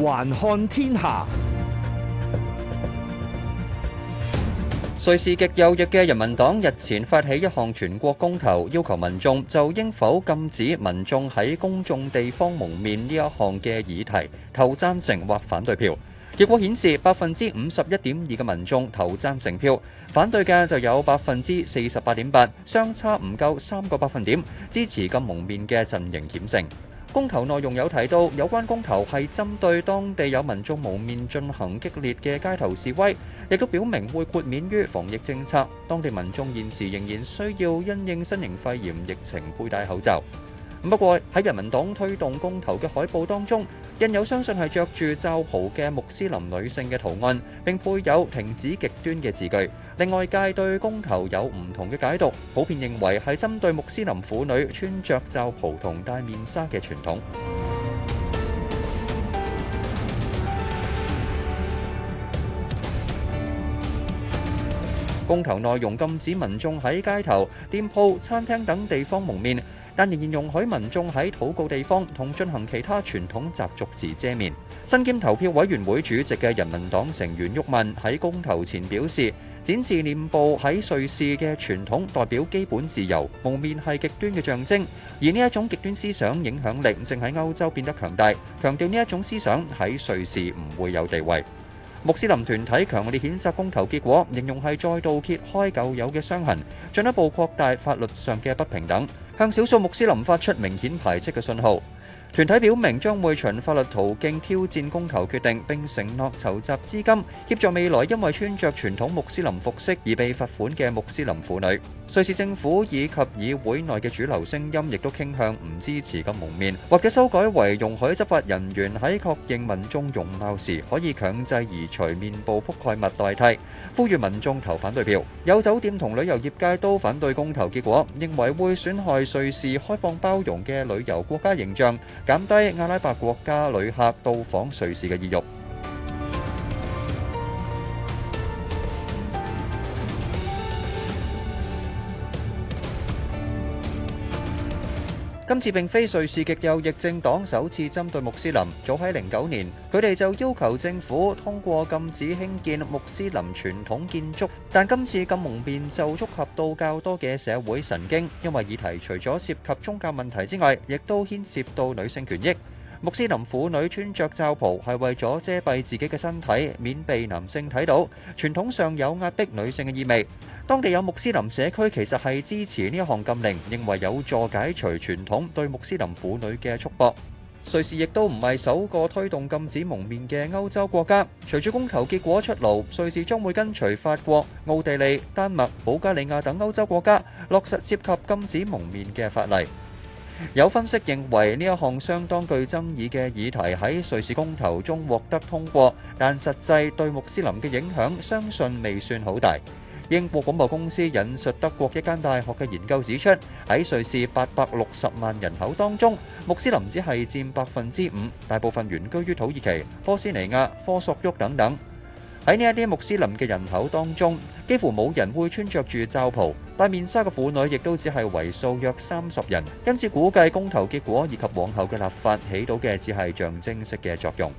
環看天下，瑞士極右翼嘅人民黨日前發起一項全國公投，要求民眾就應否禁止民眾喺公眾地方蒙面呢一項嘅議題投贊成或反對票。結果顯示，百分之五十一點二嘅民眾投贊成票，反對嘅就有百分之四十八點八，相差唔夠三個百分點，支持禁蒙面嘅陣營險勝。公投內容有提到有關公投係針對當地有民眾蒙面進行激烈嘅街頭示威亦都表明會豁免於防疫政策當地民眾現時仍然需要因應新型肺炎疫情佩戴口罩不過喺人民黨推動公投嘅海報當中，印有相信係著住罩袍嘅穆斯林女性嘅圖案，並配有停止極端嘅字句。另外，界對公投有唔同嘅解讀，普遍認為係針對穆斯林婦女穿著罩袍同戴面紗嘅傳統。 公投內容禁止民眾喺街頭、店鋪、餐廳等地方蒙面。但仍然容許民眾喺禱告地方同進行其他傳統習俗時遮面。身兼投票委員會主席嘅人民黨成員鬱問喺公投前表示，展示臉部喺瑞士嘅傳統代表基本自由，蒙面係極端嘅象徵，而呢一種極端思想影響力正喺歐洲變得強大。強調呢一種思想喺瑞士唔會有地位。穆斯林團體強烈譴責公投結果，形容係再度揭開舊有嘅傷痕，進一步擴大法律上嘅不平等，向少數穆斯林發出明顯排斥嘅訊號。團體表明將會循法律途徑挑戰公投決定，並承諾籌集資金減低阿拉伯國家旅客到訪瑞士嘅意欲。今次並非瑞士極右翼政黨首次針對穆斯林，早喺零九年，佢哋就要求政府通過禁止興建穆斯林傳統建築。但今次禁蒙面就觸及到較多嘅社會神經，因為議題除咗涉及宗教問題之外，亦都牽涉到女性權益。穆斯林婦女穿著罩袍係為咗遮蔽自己嘅身體，免被男性睇到。傳統上有壓迫女性嘅意味。當地有穆斯林社區其實係支持呢一項禁令，認為有助解除傳統對穆斯林婦女嘅束縛。瑞士亦都唔係首個推動禁止蒙面嘅歐洲國家。隨住公投結果出爐，瑞士將會跟隨法國、奧地利、丹麥、保加利亞等歐洲國家，落實涉及禁止蒙面嘅法例。有分析認為呢一項相當具爭議嘅議題喺瑞士公投中獲得通過，但實際對穆斯林嘅影響相信未算好大。英國廣播公司引述德國一間大學嘅研究指出，喺瑞士戴面紗嘅婦女亦都只係為數約三十人，因此估計公投結果以及往後嘅立法起到嘅只係象徵式嘅作用。